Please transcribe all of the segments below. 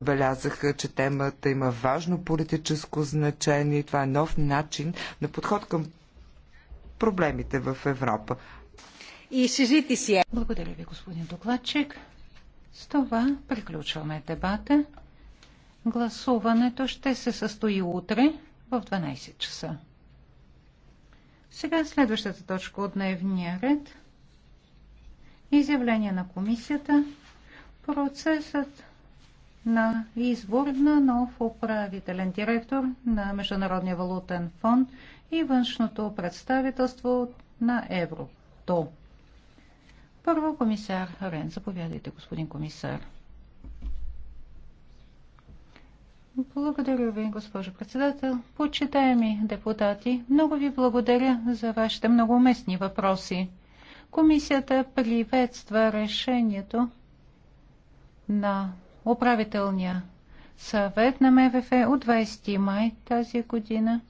Белязаха, че темата има важно политическо значение и това е нов начин на подход към проблемите в Европа. И сижите си. Е. Благодаря ви, господин докладчик. С това приключваме дебата. Гласуването ще се състои утре в 12 часа. Сега следващата точка от дневния ред. Изявление на комисията. Процесът на избор на нов управителен директор на Международния валутен фонд и външното представителство на Еврото. Първо комисар Рен, заповядайте, господин комисар. Благодаря ви, госпожо председател. Почитаеми депутати, много ви благодаря за вашите многоместни въпроси. Комисията приветства решението на управителния съвет на МВФ е от 20 май тази година,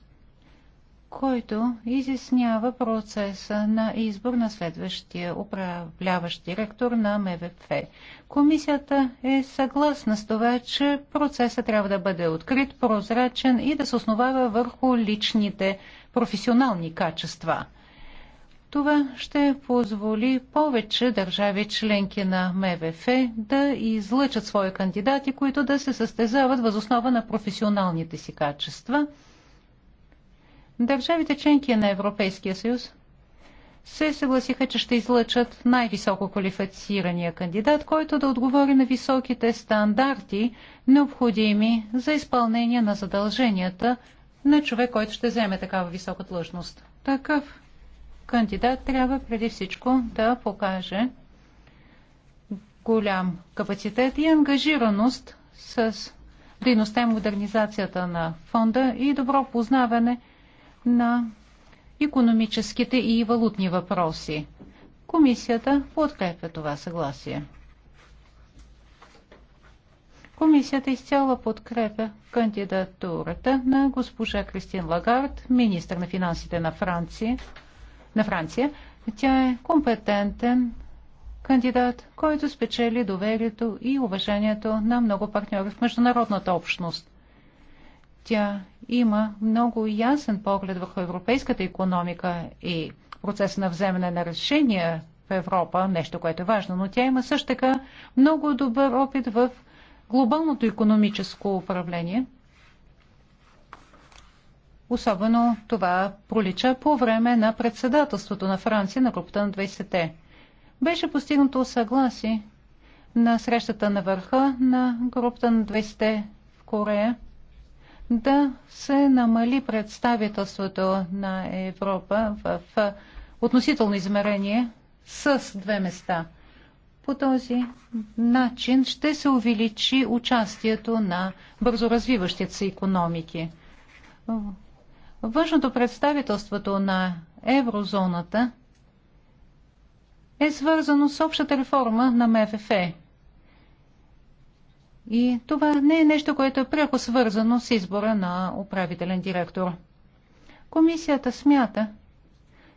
който изяснява процеса на избор на следващия управляващ директор на МВФ. Комисията е съгласна с това, че процесът трябва да бъде открит, прозрачен и да се основава върху личните професионални качества – това ще позволи повече държави членки на МВФ да излъчат свои кандидати, които да се състезават възоснова на професионалните си качества. Държавите членки на Европейския съюз се съгласиха, че ще излъчат най-високо квалифицирания кандидат, който да отговори на високите стандарти, необходими за изпълнение на задълженията на човек, който ще вземе такава висока длъжност. Такъв кандидат трябва преди всичко да покаже голям капацитет и ангажираност с дейността и модернизацията на фонда и добро познаване на економическите и валутни въпроси. Комисията подкрепя това съгласие. Комисията изцяло подкрепя кандидатурата на госпожа Кристин Лагард, министр на финансите на Франция на Франция. Тя е компетентен кандидат, който спечели доверието и уважението на много партньори в международната общност. Тя има много ясен поглед върху европейската економика и процес на вземане на решения в Европа, нещо, което е важно, но тя има също така много добър опит в глобалното економическо управление. Особено това пролича по време на председателството на Франция на групата на 20-те. Беше постигнато съгласие на срещата на върха на групата на 20-те в Корея да се намали представителството на Европа в относително измерение с две места. По този начин ще се увеличи участието на бързоразвиващите се економики. Външното представителството на еврозоната е свързано с общата реформа на МФФ. И това не е нещо, което е пряко свързано с избора на управителен директор. Комисията смята,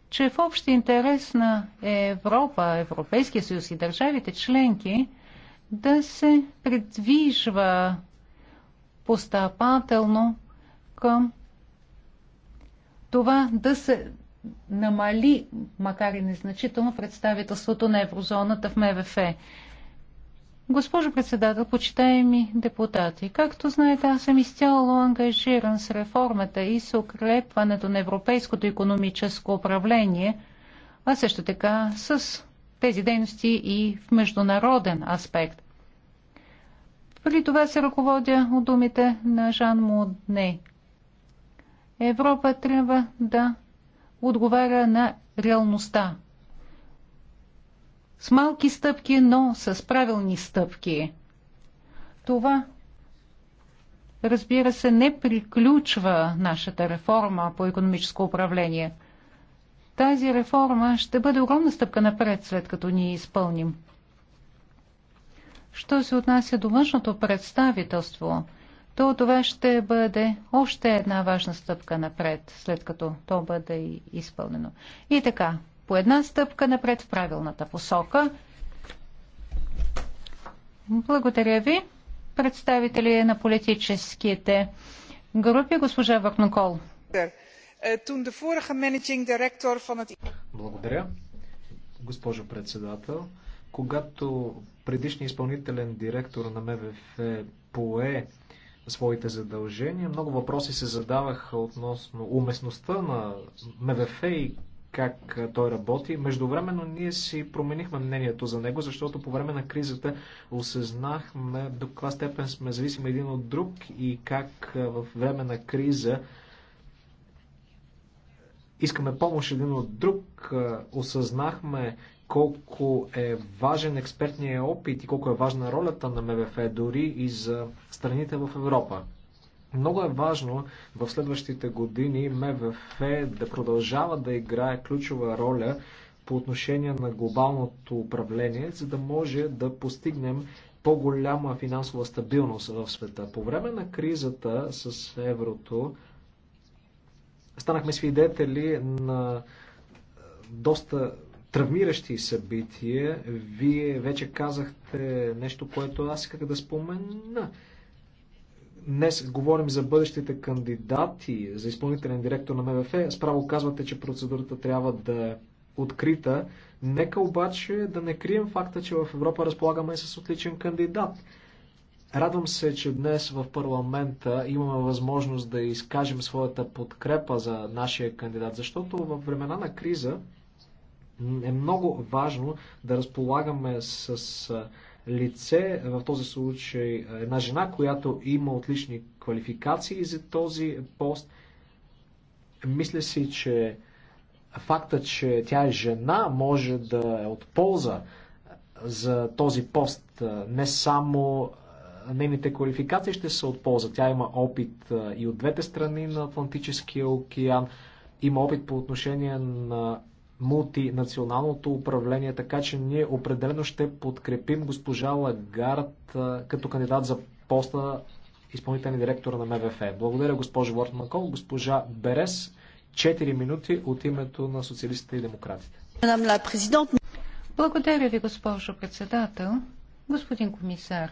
че в общ интерес на Европа, Европейския съюз и държавите членки да се придвижва постъпателно към това да се намали, макар и незначително, представителството на еврозоната в МВФ. Госпожо председател, почитаеми депутати, както знаете, аз съм изцяло ангажиран с реформата и с укрепването на европейското економическо управление, а също така с тези дейности и в международен аспект. При това се ръководя от думите на Жан Модне. Европа трябва да отговаря на реалността. С малки стъпки, но с правилни стъпки. Това, разбира се, не приключва нашата реформа по економическо управление. Тази реформа ще бъде огромна стъпка напред, след като ние изпълним. Що се отнася до външното представителство – то това ще бъде още една важна стъпка напред, след като то бъде изпълнено. И така, по една стъпка напред в правилната посока. Благодаря ви, представители на политическите групи, госпожа Вакнокол. Благодаря, госпожо председател. Когато предишният изпълнителен директор на МВФ пое своите задължения. Много въпроси се задаваха относно уместността на МВФ и как той работи. Междувременно ние си променихме мнението за него, защото по време на кризата осъзнахме до каква степен сме зависими един от друг и как в време на криза искаме помощ един от друг. Осъзнахме, колко е важен експертният опит и колко е важна ролята на МВФ дори и за страните в Европа. Много е важно в следващите години МВФ да продължава да играе ключова роля по отношение на глобалното управление, за да може да постигнем по-голяма финансова стабилност в света. По време на кризата с еврото станахме свидетели на доста травмиращи събития. Вие вече казахте нещо, което аз исках да спомена. Днес говорим за бъдещите кандидати за изпълнителен директор на МВФ. Справо казвате, че процедурата трябва да е открита. Нека обаче да не крием факта, че в Европа разполагаме с отличен кандидат. Радвам се, че днес в парламента имаме възможност да изкажем своята подкрепа за нашия кандидат, защото в времена на криза е много важно да разполагаме с лице, в този случай една жена, която има отлични квалификации за този пост. Мисля си, че факта, че тя е жена, може да е от полза за този пост. Не само нейните квалификации ще са от полза. Тя има опит и от двете страни на Атлантическия океан, има опит по отношение на мултинационалното управление, така че ние определено ще подкрепим госпожа Лагард като кандидат за поста изпълнителен директор на МВФ. Благодаря госпожо Вортмакол, госпожа Берес, 4 минути от името на социалистите и демократите. Благодаря ви, госпожо председател. Господин комисар,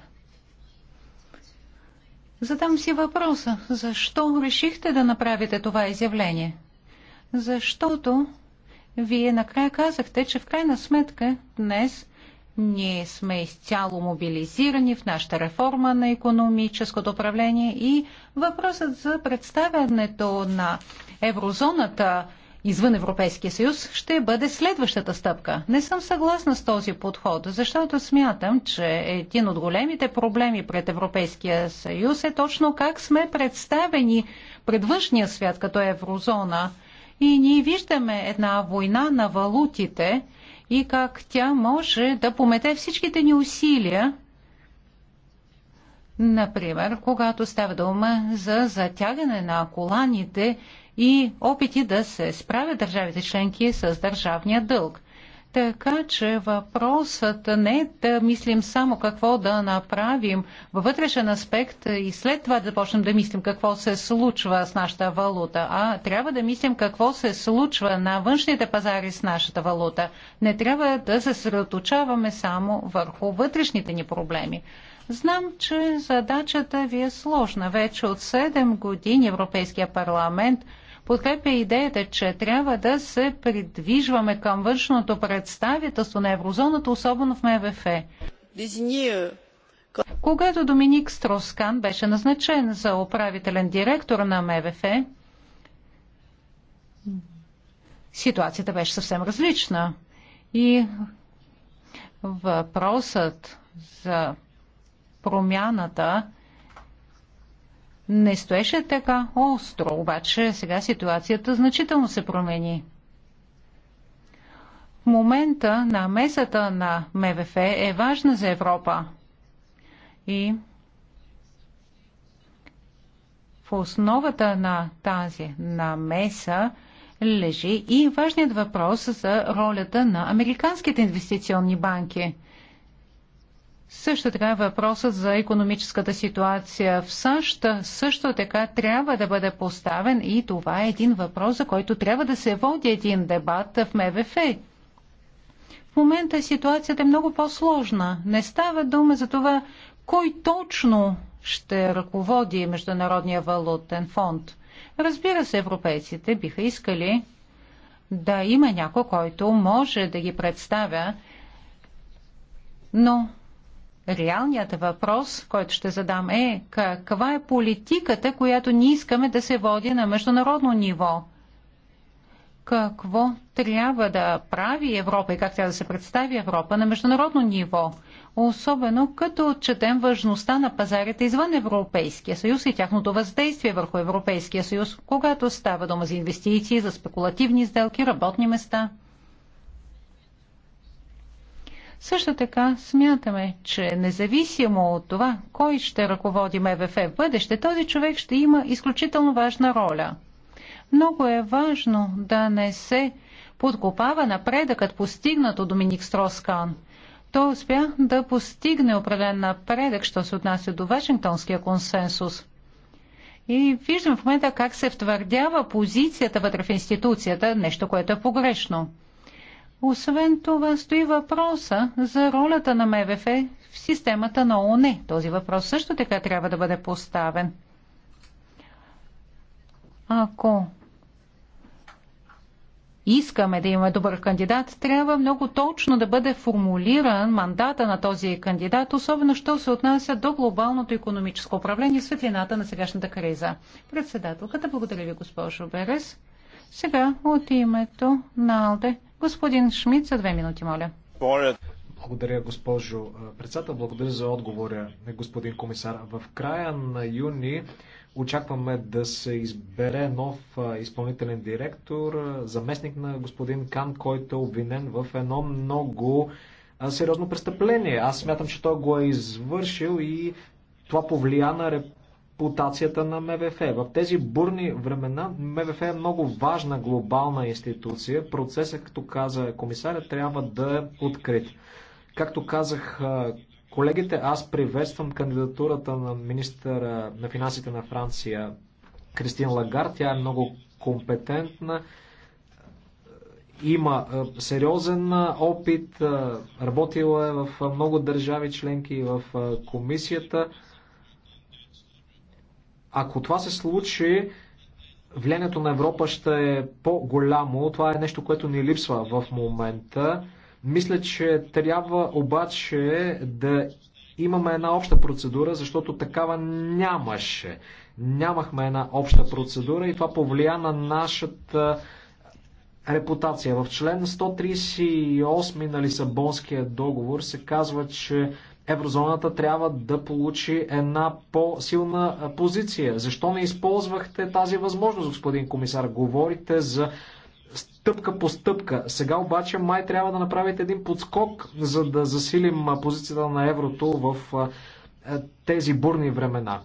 задам си въпроса, защо решихте да направите това изявление? Защото вие накрая казахте, че в крайна сметка днес ние сме изцяло мобилизирани в нашата реформа на економическото управление и въпросът за представянето на еврозоната извън Европейския съюз ще бъде следващата стъпка. Не съм съгласна с този подход, защото смятам, че един от големите проблеми пред Европейския съюз е точно как сме представени пред външния свят като еврозона – и ние виждаме една война на валутите и как тя може да помете всичките ни усилия Например, когато става дума за затягане на коланите и опити да се справят държавите членки с държавния дълг. Така че въпросът не е да мислим само какво да направим във вътрешен аспект и след това да почнем да мислим какво се случва с нашата валута, а трябва да мислим какво се случва на външните пазари с нашата валута. Не трябва да се съсредоточаваме само върху вътрешните ни проблеми. Знам, че задачата ви е сложна. Вече от 7 години Европейския парламент – подкрепя идеята, че трябва да се придвижваме към външното представителство на еврозоната, особено в МВФ. Е, Когато Доминик Строскан беше назначен за управителен директор на МВФ, ситуацията беше съвсем различна. И въпросът за промяната не стоеше така остро, обаче сега ситуацията значително се промени. В момента на месата на МВФ е важна за Европа и в основата на тази намеса лежи и важният въпрос за ролята на американските инвестиционни банки – също така е въпросът за економическата ситуация в САЩ също така трябва да бъде поставен и това е един въпрос, за който трябва да се води един дебат в МВФ. В момента ситуацията е много по-сложна. Не става дума за това кой точно ще ръководи Международния валутен фонд. Разбира се, европейците биха искали да има някой, който може да ги представя, но Реалният въпрос, който ще задам е каква е политиката, която ние искаме да се води на международно ниво? Какво трябва да прави Европа и как трябва да се представи Европа на международно ниво? Особено като отчетем важността на пазарите извън Европейския съюз и тяхното въздействие върху Европейския съюз, когато става дума за инвестиции, за спекулативни сделки, работни места – също така смятаме, че независимо от това, кой ще ръководи МВФ в бъдеще, този човек ще има изключително важна роля. Много е важно да не се подкопава напредъкът, постигнат от Доминик Строскан. Той успя да постигне определен напредък, що се отнася до Вашингтонския консенсус. И виждам в момента как се втвърдява позицията вътре в институцията, нещо, което е погрешно. Освен това стои въпроса за ролята на МВФ в системата на ООН. Този въпрос също така трябва да бъде поставен. Ако искаме да имаме добър кандидат, трябва много точно да бъде формулиран мандата на този кандидат, особено що се отнася до глобалното економическо управление и светлината на сегашната криза. Председателката, благодаря ви, госпожо Берес. Сега от името на Алде Господин Шмидт, за две минути, моля. Благодаря, госпожо председател. Благодаря за отговоря, господин комисар. В края на юни очакваме да се избере нов изпълнителен директор, заместник на господин Кан, който е обвинен в едно много сериозно престъпление. Аз смятам, че той го е извършил и това повлия на репутацията на МВФ. В тези бурни времена МВФ е много важна глобална институция. Процесът, като каза комисаря, трябва да е открит. Както казах колегите, аз приветствам кандидатурата на министър на финансите на Франция Кристин Лагар. Тя е много компетентна има сериозен опит, работила е в много държави членки в комисията. Ако това се случи, влиянието на Европа ще е по-голямо. Това е нещо, което ни липсва в момента. Мисля, че трябва обаче да имаме една обща процедура, защото такава нямаше. Нямахме една обща процедура и това повлия на нашата репутация. В член 138 на Лисабонския договор се казва, че еврозоната трябва да получи една по-силна позиция. Защо не използвахте тази възможност, господин комисар? Говорите за стъпка по стъпка. Сега обаче май трябва да направите един подскок, за да засилим позицията на еврото в тези бурни времена.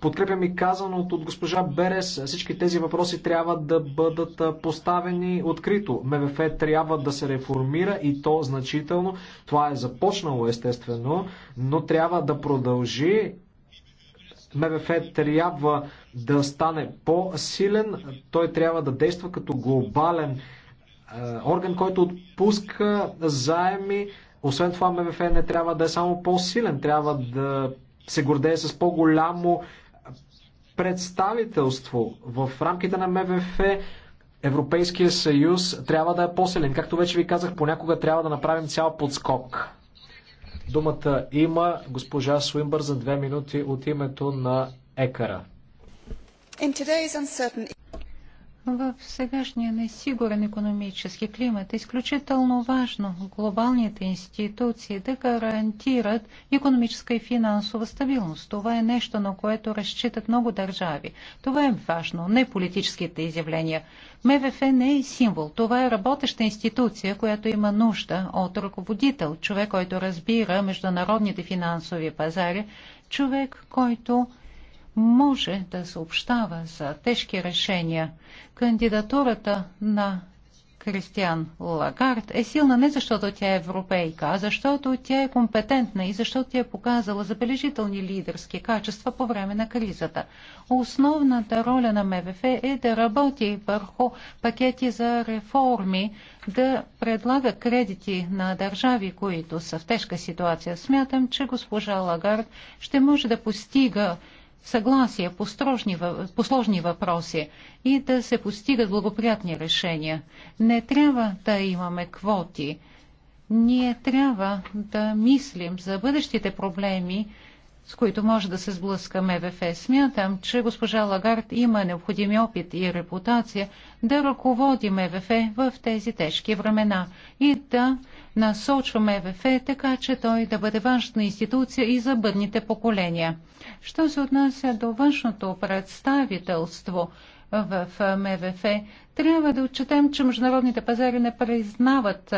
Подкрепям и казаното от госпожа Берес. Всички тези въпроси трябва да бъдат поставени открито. МВФ трябва да се реформира и то значително. Това е започнало естествено, но трябва да продължи. МВФ трябва да стане по-силен. Той трябва да действа като глобален орган, който отпуска заеми. Освен това, МВФ не трябва да е само по-силен, трябва да се гордее с по-голямо представителство в рамките на МВФ, Европейския съюз трябва да е по-силен. Както вече ви казах, понякога трябва да направим цял подскок. Думата има госпожа Суимбър за две минути от името на Екара. В сегашния несигурен економически климат е изключително важно глобалните институции да гарантират економическа и финансова стабилност. Това е нещо, на което разчитат много държави. Това е важно, не политическите изявления. МВФ не е символ. Това е работеща институция, която има нужда от ръководител, човек, който разбира международните финансови пазари, човек, който може да съобщава за тежки решения. Кандидатурата на Кристиан Лагард е силна не защото тя е европейка, а защото тя е компетентна и защото тя е показала забележителни лидерски качества по време на кризата. Основната роля на МВФ е да работи върху пакети за реформи, да предлага кредити на държави, които са в тежка ситуация. Смятам, че госпожа Лагард ще може да постига съгласие по, строжни, по сложни въпроси и да се постигат благоприятни решения. Не трябва да имаме квоти. Ние трябва да мислим за бъдещите проблеми, с които може да се сблъскаме МВФ. Смятам, че госпожа Лагард има необходими опит и репутация да ръководи МВФ в тези тежки времена и да насочваме МВФ, така че той да бъде външна институция и за бъдните поколения. Що се отнася до външното представителство в МВФ, трябва да отчетем, че международните пазари не признават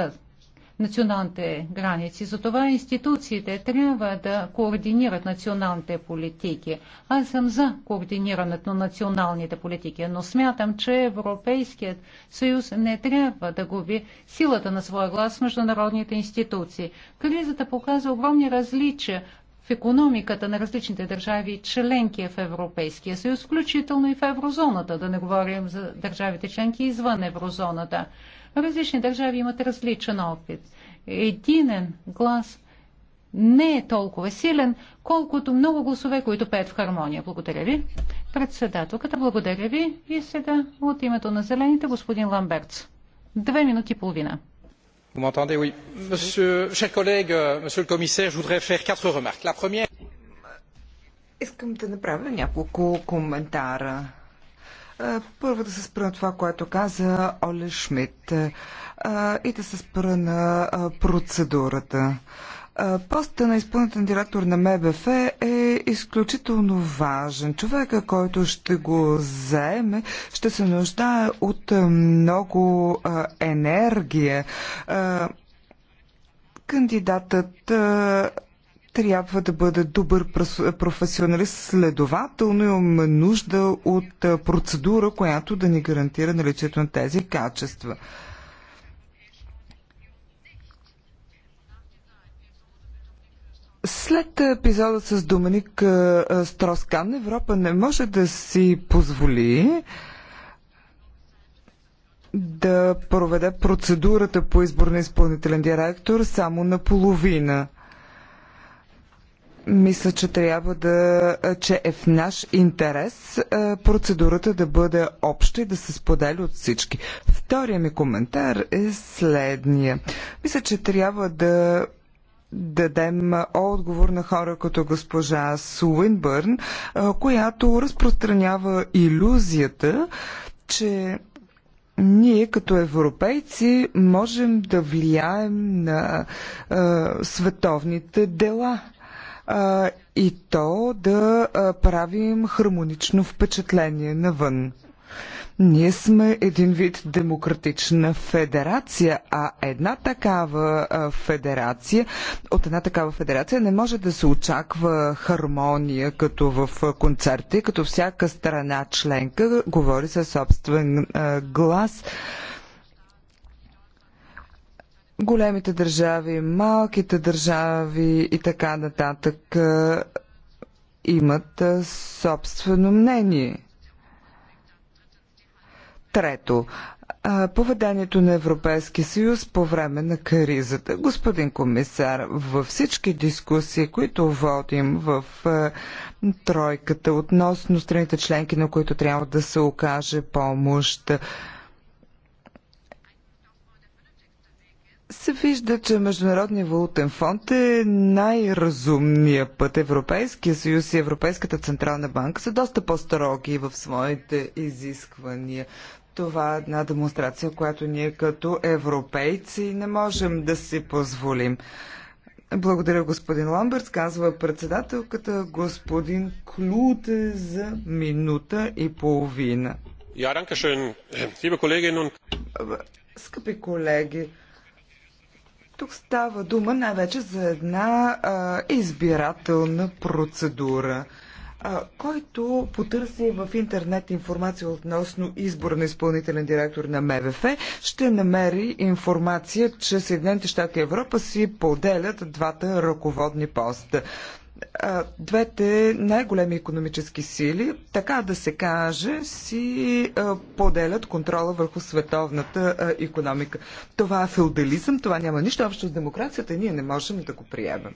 националните граници. Затова институциите трябва да координират националните политики. Аз съм за координирането на националните политики, но смятам, че Европейският съюз не трябва да губи силата на своя глас в международните институции. Кризата показва огромни различия в економиката на различните държави членки в Европейския съюз, включително и в еврозоната, да не говорим за държавите членки извън еврозоната. Различни държави имат различен опит. Единен глас не е толкова силен, колкото много гласове, които пеят в хармония. Благодаря ви. Председателката, благодаря ви. И сега от името на зелените господин Ламберц. Две минути и половина cher collègue euh, Monsieur, le commissaire, je voudrais faire quatre remarques. La première... Искам да направя няколко коментара. Е, първо да се спра на това, което каза Оле Шмидт е, и да се спра на е, процедурата. Постът на изпълнителен директор на МБФ е изключително важен. Човека, който ще го заеме, ще се нуждае от много енергия. Кандидатът трябва да бъде добър професионалист, следователно имаме нужда от процедура, която да ни гарантира наличието на тези качества. След епизода с Доминик е, е, Строскан, Европа не може да си позволи да проведе процедурата по избор на изпълнителен директор само наполовина. Мисля, че трябва да, е, че е в наш интерес процедурата да бъде обща и да се споделя от всички. Втория ми коментар е следния. Мисля, че трябва да дадем отговор на хора като госпожа Суинбърн, която разпространява иллюзията, че ние като европейци можем да влияем на а, световните дела а, и то да а, правим хармонично впечатление навън. Ние сме един вид демократична федерация, а една такава федерация, от една такава федерация не може да се очаква хармония, като в концерти, като всяка страна членка говори със собствен глас големите държави, малките държави и така нататък имат собствено мнение. Трето, поведението на Европейския съюз по време на кризата. Господин комисар, във всички дискусии, които водим в тройката относно страните членки, на които трябва да се окаже помощ, се вижда, че Международния валутен фонд е най-разумният път. Европейския съюз и Европейската централна банка са доста по-строги в своите изисквания. Това е една демонстрация, която ние като европейци не можем да си позволим. Благодаря, господин Ламберт, казва председателката господин Клуте за минута и половина. Скъпи колеги, тук става дума най-вече за една а, избирателна процедура който потърси в интернет информация относно избора на изпълнителен директор на МВФ, ще намери информация, че Съединените щати и Европа си поделят двата ръководни поста двете най-големи економически сили, така да се каже, си поделят контрола върху световната економика. Това е феодализъм, това няма нищо общо с демокрацията и ние не можем да го приемем.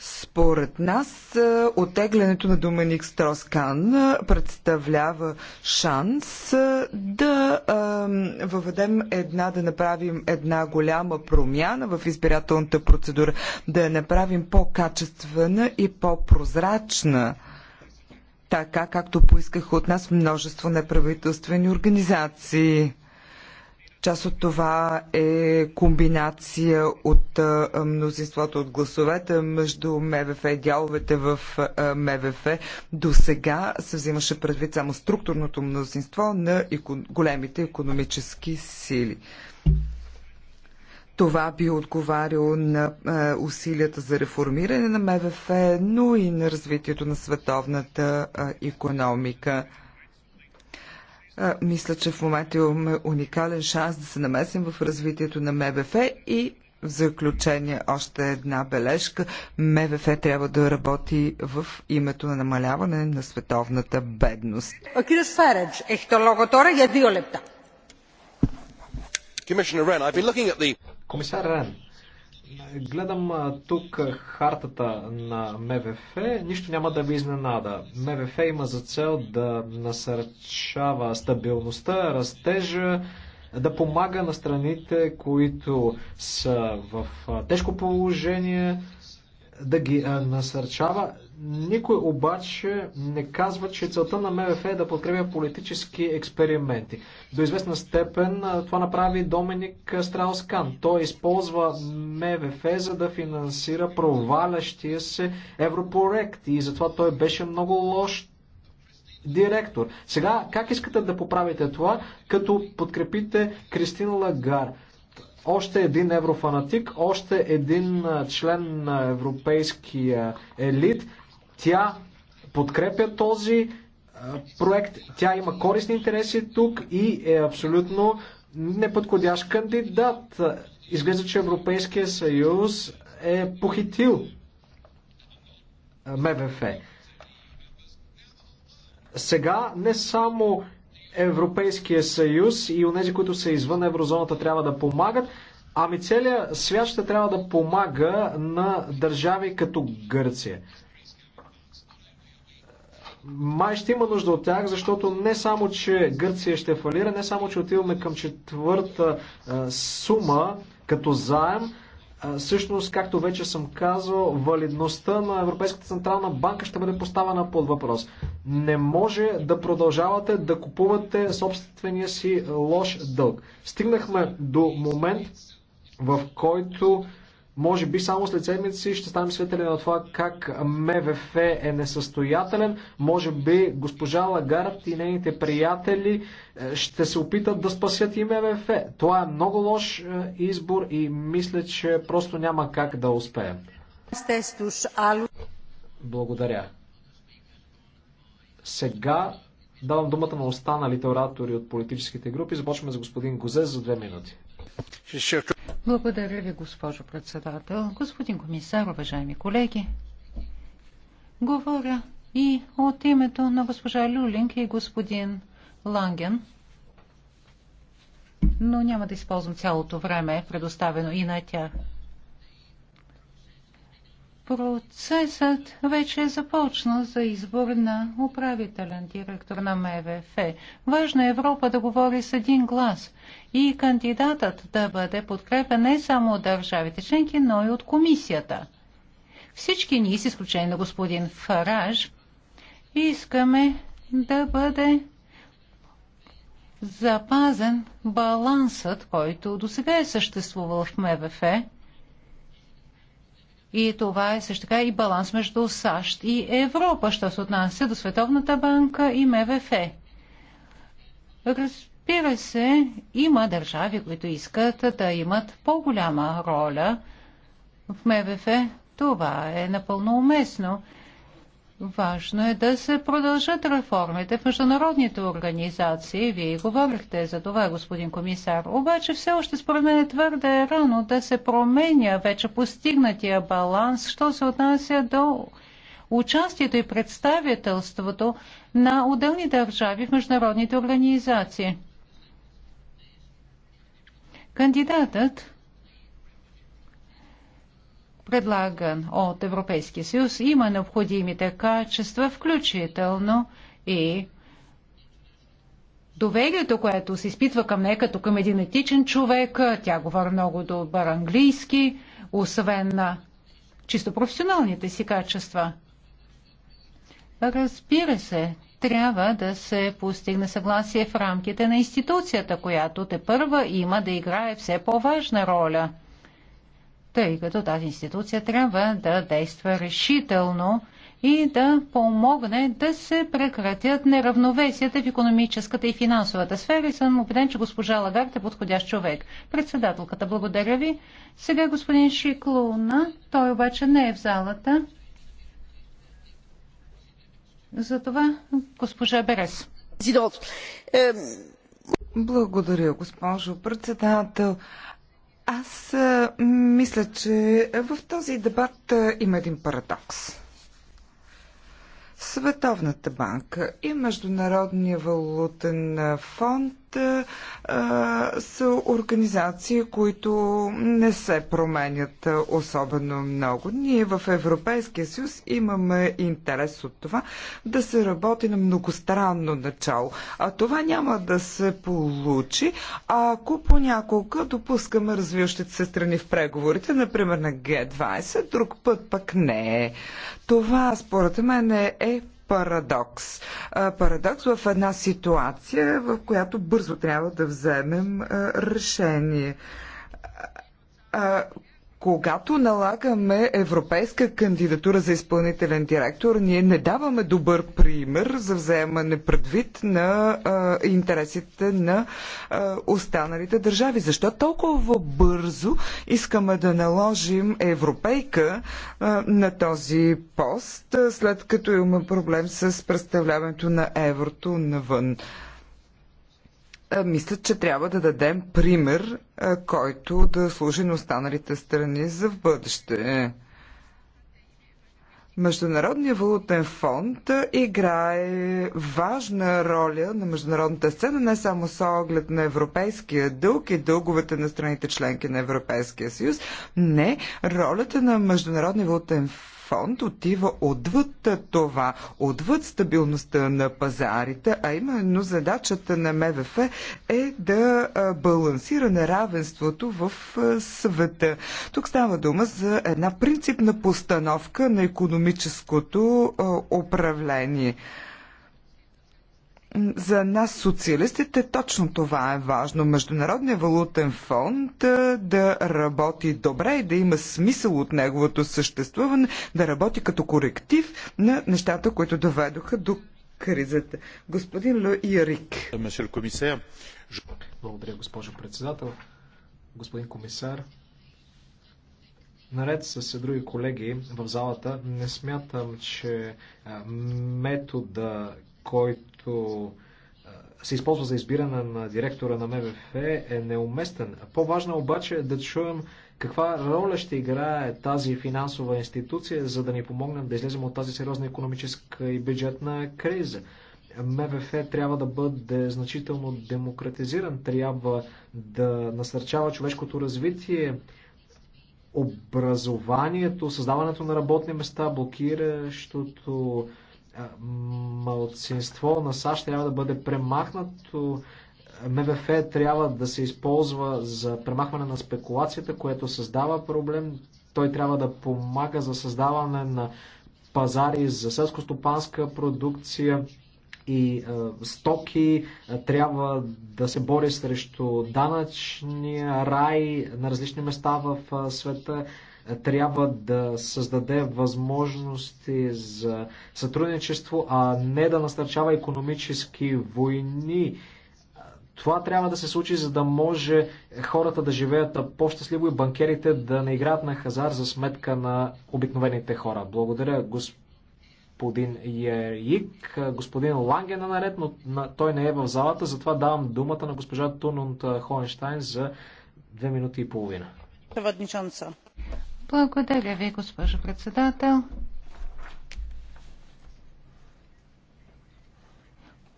Според нас, е, отеглянето на Доминик Строскан е, представлява шанс е, да въведем една, да направим една голяма промяна в избирателната процедура, да я направим по-качествена и по-прозрачна, така както поискаха от нас множество неправителствени организации. Част от това е комбинация от мнозинството от гласовете между МВФ и дяловете в МВФ. До сега се взимаше предвид само структурното мнозинство на големите економически сили. Това би отговаряло на усилията за реформиране на МВФ, но и на развитието на световната е, економика. Мисля, че в момента имаме уникален шанс да се намесим в развитието на МВФ и в заключение още една бележка. МВФ трябва да работи в името на намаляване на световната бедност. Комисар Рен, Гледам тук хартата на МВФ. Нищо няма да ви изненада. МВФ има за цел да насърчава стабилността, растежа, да помага на страните, които са в тежко положение, да ги насърчава. Никой обаче не казва, че целта на МВФ е да подкрепя политически експерименти. До известна степен това направи Доменик Страускан. Той използва МВФ за да финансира провалящия се европорект и затова той беше много лош директор. Сега как искате да поправите това, като подкрепите Кристин Лагар? Още един еврофанатик, още един член на европейския елит. Тя подкрепя този проект. Тя има корисни интереси тук и е абсолютно неподходящ кандидат. Изглежда, че Европейския съюз е похитил МВФ. Сега не само Европейския съюз и онези, които са извън еврозоната, трябва да помагат. Ами целият свят ще трябва да помага на държави като Гърция. Май ще има нужда от тях, защото не само, че Гърция ще фалира, не само, че отиваме към четвърта сума като заем, Всъщност, както вече съм казал, валидността на Европейската централна банка ще бъде поставена под въпрос. Не може да продължавате да купувате собствения си лош дълг. Стигнахме до момент, в който може би само след седмици ще станем свидетели на това как МВФ е несъстоятелен. Може би госпожа Лагард и нейните приятели е, ще се опитат да спасят и МВФ. Това е много лош е, избор и мисля, че просто няма как да успеем. Благодаря. Сега давам думата на останалите оратори от политическите групи. Започваме с господин Гозе за две минути. Благодаря ви, госпожо председател. Господин комисар, уважаеми колеги, говоря и от името на госпожа Люлинг и господин Ланген, но няма да използвам цялото време, предоставено и на тях. Процесът вече е започнал за избор на управителен директор на МВФ. Важно е Европа да говори с един глас и кандидатът да бъде подкрепен не само от държавите членки, но и от комисията. Всички ние, с изключение на господин Фараж, искаме да бъде запазен балансът, който до сега е съществувал в МВФ. И това е също така и баланс между САЩ и Европа, що се отнася до Световната банка и МВФ. Разбира се, има държави, които искат да имат по-голяма роля в МВФ. Това е напълно уместно. Важно е да се продължат реформите в международните организации. Вие говорихте за това, господин комисар. Обаче все още според мен е твърде рано да се променя вече постигнатия баланс, що се отнася до участието и представителството на отделни държави в международните организации. Кандидатът, предлаган от Европейския съюз, има необходимите качества, включително и доверието, което се изпитва към нея като към един етичен човек. Тя говори много добър английски, освен на чисто професионалните си качества. Разбира се, трябва да се постигне съгласие в рамките на институцията, която те първа има да играе все по-важна роля, тъй като тази институция трябва да действа решително и да помогне да се прекратят неравновесията в економическата и финансовата сфера и съм убеден, че госпожа Лагард е подходящ човек. Председателката, благодаря ви. Сега господин Шиклуна, той обаче не е в залата. За това госпожа Берес. Благодаря, госпожо председател. Аз е, мисля, че в този дебат е, има един парадокс. Световната банка и Международния валутен фонд са организации, които не се променят особено много. Ние в Европейския съюз имаме интерес от това да се работи на многостранно начало. А това няма да се получи, ако понякога допускаме развиващите се страни в преговорите, например на Г20, друг път пък не е. Това според мен е парадокс. Парадокс в една ситуация, в която бързо трябва да вземем решение когато налагаме европейска кандидатура за изпълнителен директор, ние не даваме добър пример за вземане предвид на а, интересите на а, останалите държави. Защо толкова бързо искаме да наложим европейка а, на този пост, след като имаме проблем с представляването на еврото навън? А, е, мисля, че трябва да дадем пример, е, който да служи на останалите страни за в бъдеще. Международният валутен фонд е, играе важна роля на международната сцена, не само с оглед на европейския дълг и дълговете на страните членки на Европейския съюз. Не, ролята на Международния валутен фонд отива отвъд това, отвъд стабилността на пазарите, а именно задачата на МВФ е да балансира неравенството в света. Тук става дума за една принципна постановка на економическото управление. За нас, социалистите, точно това е важно. Международният валутен фонд да работи добре и да има смисъл от неговото съществуване, да работи като коректив на нещата, които доведоха до кризата. Господин Ле Ирик. Благодаря, госпожо председател. Господин комисар, наред с други колеги в залата, не смятам, че метода който се използва за избиране на директора на МВФ е неуместен. По-важно е обаче е да чуем каква роля ще играе тази финансова институция, за да ни помогнем да излезем от тази сериозна економическа и бюджетна криза. МВФ трябва да бъде значително демократизиран, трябва да насърчава човешкото развитие, образованието, създаването на работни места, блокиращото малцинство на САЩ трябва да бъде премахнато. МВФ трябва да се използва за премахване на спекулацията, което създава проблем. Той трябва да помага за създаване на пазари за сълско-стопанска продукция и е, стоки, трябва да се бори срещу данъчния рай на различни места в е, света трябва да създаде възможности за сътрудничество, а не да насърчава економически войни. Това трябва да се случи, за да може хората да живеят по-щастливо и банкерите да не играят на хазар за сметка на обикновените хора. Благодаря, господин Ерик. Господин Ланген е наред, но той не е в залата, затова давам думата на госпожа Тунунт Хоенштайн за две минути и половина. Przewodnicząca. Благодаря ви, госпожо председател.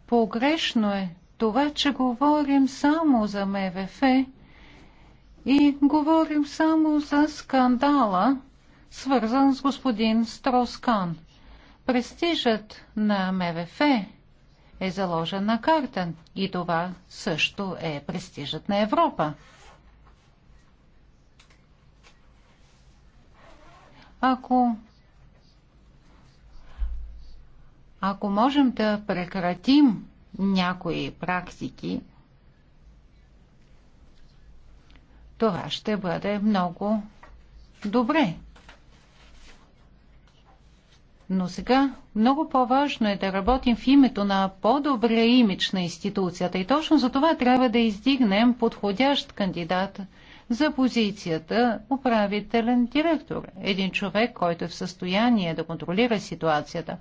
Погрешно е това, че говорим само за МВФ и говорим само за скандала, свързан с господин Строскан. Престижът на МВФ е заложен на карта и това също е престижът на Европа. Ако ако можем да прекратим някои практики, това ще бъде много добре. Но сега много по-важно е да работим в името на по-добрия имидж на институцията и точно за това трябва да издигнем подходящ кандидат – за позицията управителен директор. Един човек, който е в състояние да контролира ситуацията.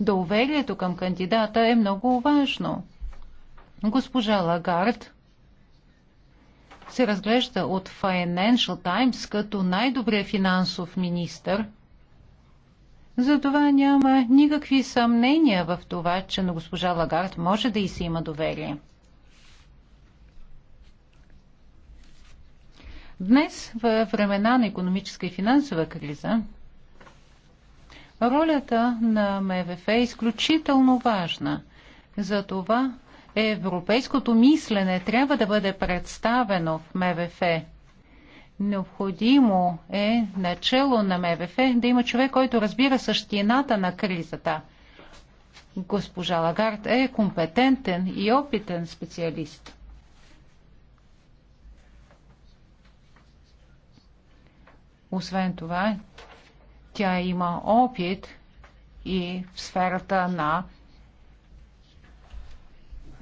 Доверието към кандидата е много важно. Госпожа Лагард се разглежда от Financial Times като най-добрия финансов министр. Затова няма никакви съмнения в това, че на госпожа Лагард може да и се има доверие. Днес, в времена на економическа и финансова криза, ролята на МВФ е изключително важна. Затова европейското мислене трябва да бъде представено в МВФ. Необходимо е начало на МВФ да има човек, който разбира същината на кризата. Госпожа Лагард е компетентен и опитен специалист. Освен това, тя има опит и в сферата на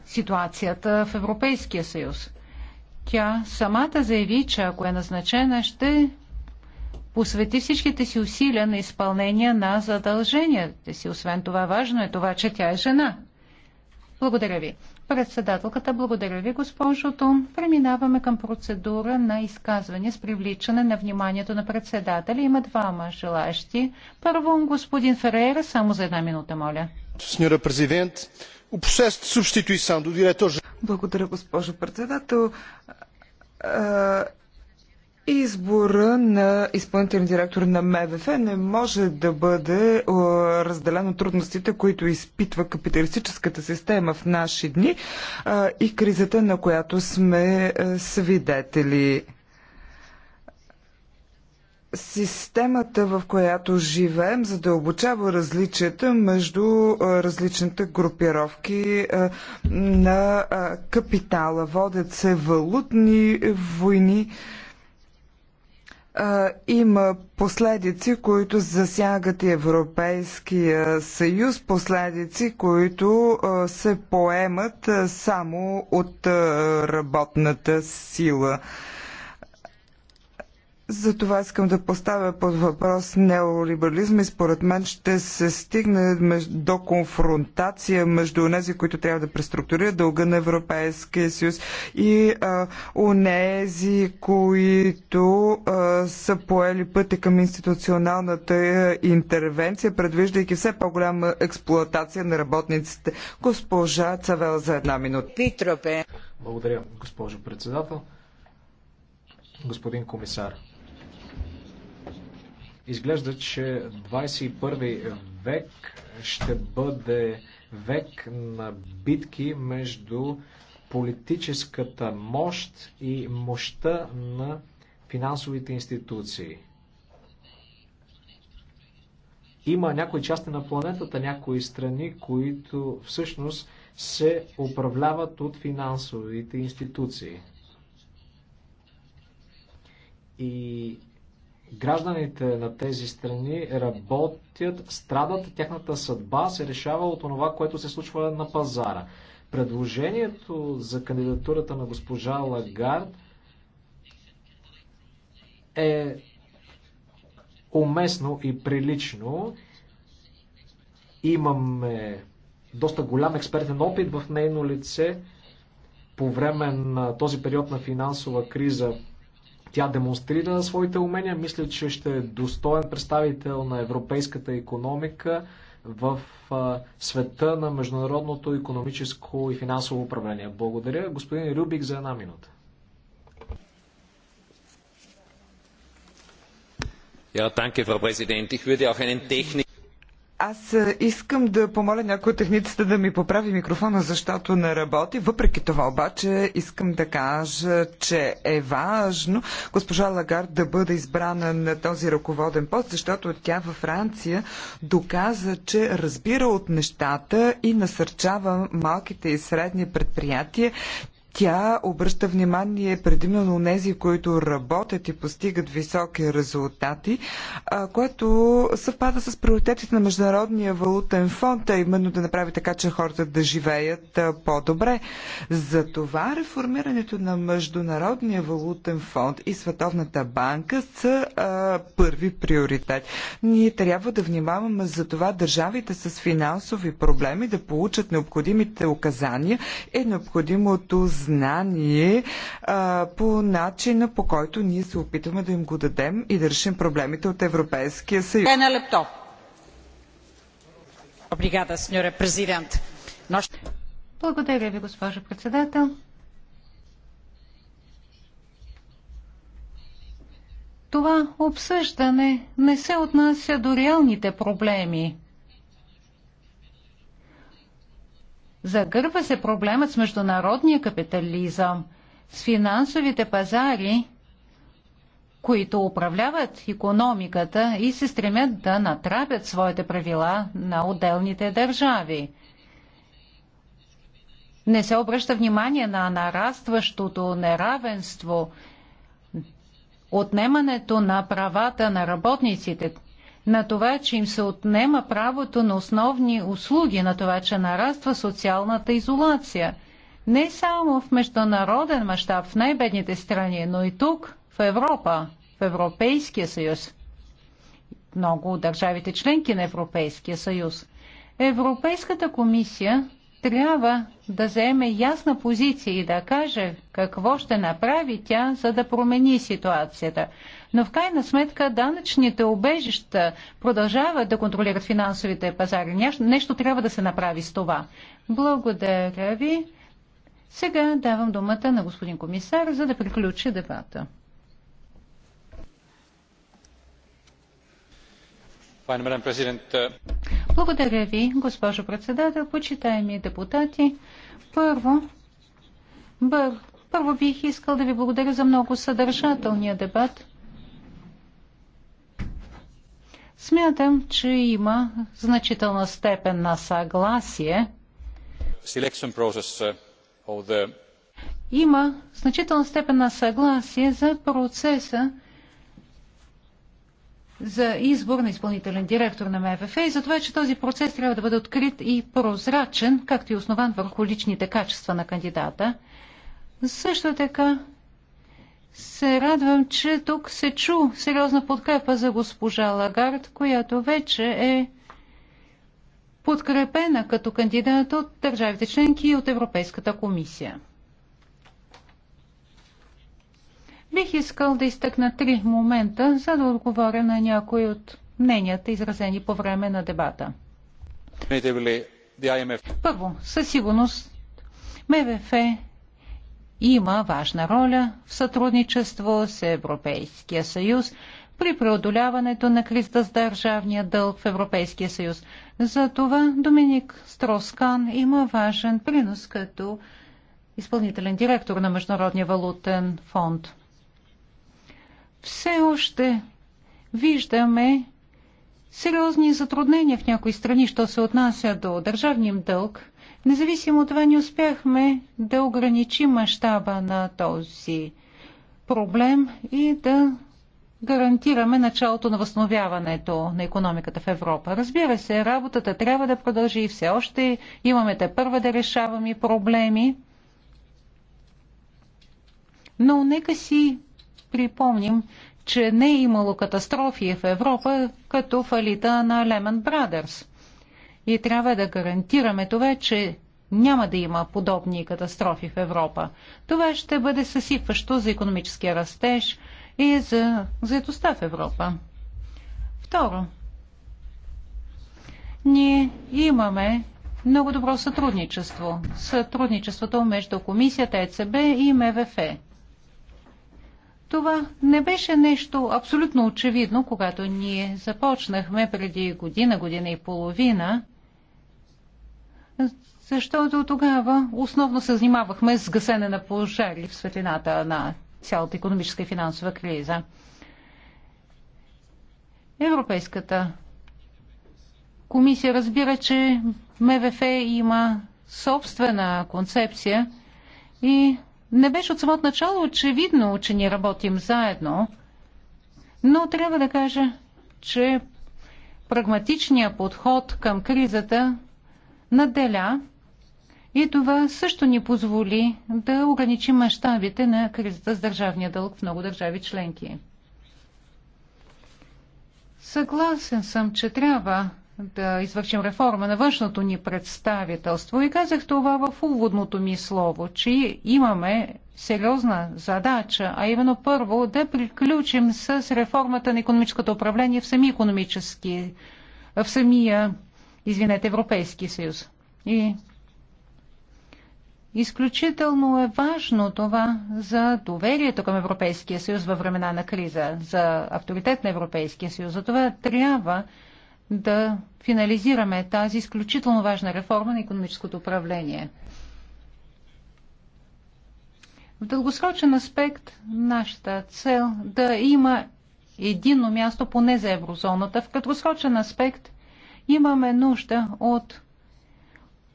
ситуацията в Европейския съюз. Тя самата заяви, че ако е назначена, ще посвети всичките си усилия на изпълнение на задълженията си. Освен това, важно е това, че тя е жена. Благодаря ви. Председателката, благодаря ви, госпожо Тун. Преминаваме към процедура на изказване с привличане на вниманието на председателя. Има двама желащи. Първо, господин Ферейра, само за една минута, моля. Сеньора президент, упосест субституисан до директор. Благодаря, госпожо председател Избора на изпълнителен директор на МВФ не може да бъде разделен от трудностите, които изпитва капиталистическата система в наши дни и кризата, на която сме е, свидетели. Системата, в която живеем, задълбочава различията между различните групировки на капитала. Водят се валутни войни има последици, които засягат и Европейския съюз, последици, които се поемат само от работната сила. За това искам да поставя под въпрос неолиберализма и според мен ще се стигне до конфронтация между онези, които трябва да преструктурират дълга на Европейския съюз и а, онези, които а, са поели пътя към институционалната интервенция, предвиждайки все по-голяма експлоатация на работниците. Госпожа Цавел за една минута. Благодаря, госпожо председател господин комисар. Изглежда, че 21 век ще бъде век на битки между политическата мощ и мощта на финансовите институции. Има някои части на планетата, някои страни, които всъщност се управляват от финансовите институции. И Гражданите на тези страни работят, страдат, тяхната съдба се решава от това, което се случва на пазара. Предложението за кандидатурата на госпожа Лагард е уместно и прилично. Имаме доста голям експертен опит в нейно лице по време на този период на финансова криза тя демонстрира своите умения. Мисля, че ще е достоен представител на европейската економика в света на международното економическо и финансово управление. Благодаря, господин Рюбик, за една минута. Ja, danke, Frau Präsident. Ich würde auch einen аз е, искам да помоля някой от техниците да ми поправи микрофона, защото не работи. Въпреки това обаче искам да кажа, че е важно госпожа Лагард да бъде избрана на този ръководен пост, защото тя във Франция доказа, че разбира от нещата и насърчава малките и средни предприятия. Тя обръща внимание предимно на тези, които работят и постигат високи резултати, което съвпада с приоритетите на Международния валутен фонд, а именно да направи така, че хората да живеят по-добре. За това реформирането на Международния валутен фонд и Световната банка са а, първи приоритет. Ние трябва да внимаваме за това държавите с финансови проблеми да получат необходимите указания и е необходимото знание а, по начина по който ние се опитваме да им го дадем и да решим проблемите от Европейския съюз. Една лепто. Обригада, сеньоре президент. Благодаря ви, госпожо председател. Това обсъждане не се отнася до реалните проблеми, Загърва се проблемът с международния капитализъм, с финансовите пазари, които управляват економиката и се стремят да натрапят своите правила на отделните държави. Не се обръща внимание на нарастващото неравенство, отнемането на правата на работниците, на това, че им се отнема правото на основни услуги, на това, че нараства социалната изолация. Не само в международен мащаб в най-бедните страни, но и тук, в Европа, в Европейския съюз. Много от държавите членки на Европейския съюз. Европейската комисия трябва да заеме ясна позиция и да каже какво ще направи тя, за да промени ситуацията но в крайна сметка данъчните обежища продължават да контролират финансовите пазари. Нещо трябва да се направи с това. Благодаря ви. Сега давам думата на господин комисар, за да приключи дебата. Uh, благодаря ви, госпожо председател, почитаеми депутати. Първо, бър, първо бих искал да ви благодаря за много съдържателния дебат. Смятам, че има значителна степен на съгласие. Uh, има значителна степен на съгласие за процеса за избор на изпълнителен директор на МФФ и за това, че този процес трябва да бъде открит и прозрачен, както и основан върху личните качества на кандидата. Също така се радвам, че тук се чу сериозна подкрепа за госпожа Лагард, която вече е подкрепена като кандидат от държавите членки и от Европейската комисия. Бих искал да изтъкна три момента, за да отговоря на някои от мненията, изразени по време на дебата. Първо, със сигурност МВФ има важна роля в сътрудничество с Европейския съюз при преодоляването на кризата с държавния дълг в Европейския съюз. Затова Доминик Строскан има важен принос като изпълнителен директор на Международния валутен фонд. Все още виждаме сериозни затруднения в някои страни, що се отнася до държавния дълг Независимо от това, не успяхме да ограничим мащаба на този проблем и да гарантираме началото на възстановяването на економиката в Европа. Разбира се, работата трябва да продължи и все още имаме те първа да решаваме проблеми. Но нека си припомним, че не е имало катастрофи в Европа, като фалита на Lehman Brothers. И трябва да гарантираме това, че няма да има подобни катастрофи в Европа. Това ще бъде съсипващо за економическия растеж и за заедостта в Европа. Второ, ние имаме много добро сътрудничество. Сътрудничеството между комисията ЕЦБ и МВФ. Това не беше нещо абсолютно очевидно, когато ние започнахме преди година, година и половина защото тогава основно се занимавахме с гасене на пожари в светлината на цялата економическа и финансова криза. Европейската комисия разбира, че МВФ има собствена концепция и не беше от самото начало очевидно, че ние работим заедно, но трябва да кажа, че прагматичният подход към кризата наделя и това също ни позволи да ограничим мащабите на кризата с държавния дълг в много държави членки. Съгласен съм, че трябва да извършим реформа на външното ни представителство и казах това в уводното ми слово, че имаме сериозна задача, а именно първо да приключим с реформата на економическото управление в самия економически, в самия извинете, Европейския съюз. И изключително е важно това за доверието към Европейския съюз във времена на криза, за авторитет на Европейския съюз. Затова трябва да финализираме тази изключително важна реформа на економическото управление. В дългосрочен аспект нашата цел да има единно място поне за еврозоната. В краткосрочен аспект Имаме нужда от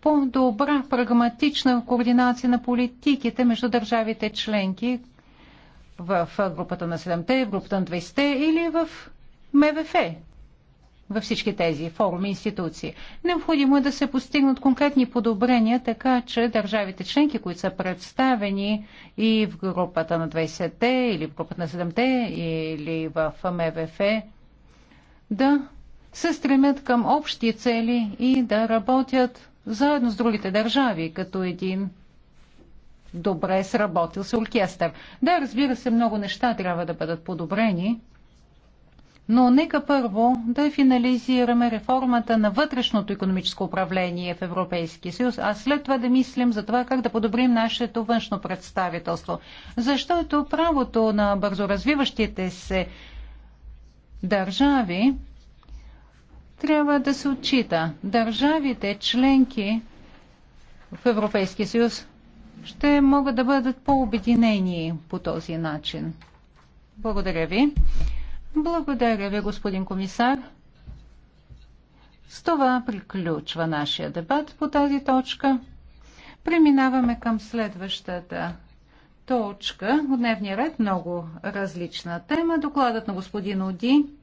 по-добра прагматична координация на политиките между държавите членки в групата на 7-те, в групата на 20-те или в МВФ, във всички тези форуми и институции. Необходимо е да се постигнат конкретни подобрения, така че държавите членки, които са представени и в групата на 20-те, или в групата на 7-те, или в МВФ, да се стремят към общи цели и да работят заедно с другите държави, като един добре сработил се оркестър. Да, разбира се, много неща трябва да бъдат подобрени, но нека първо да финализираме реформата на вътрешното економическо управление в Европейския съюз, а след това да мислим за това как да подобрим нашето външно представителство. Защото правото на бързоразвиващите се държави трябва да се отчита. Държавите членки в Европейския съюз ще могат да бъдат по-обединени по този начин. Благодаря ви. Благодаря ви, господин комисар. С това приключва нашия дебат по тази точка. Преминаваме към следващата точка от дневния ред. Много различна тема. Докладът на господин Оди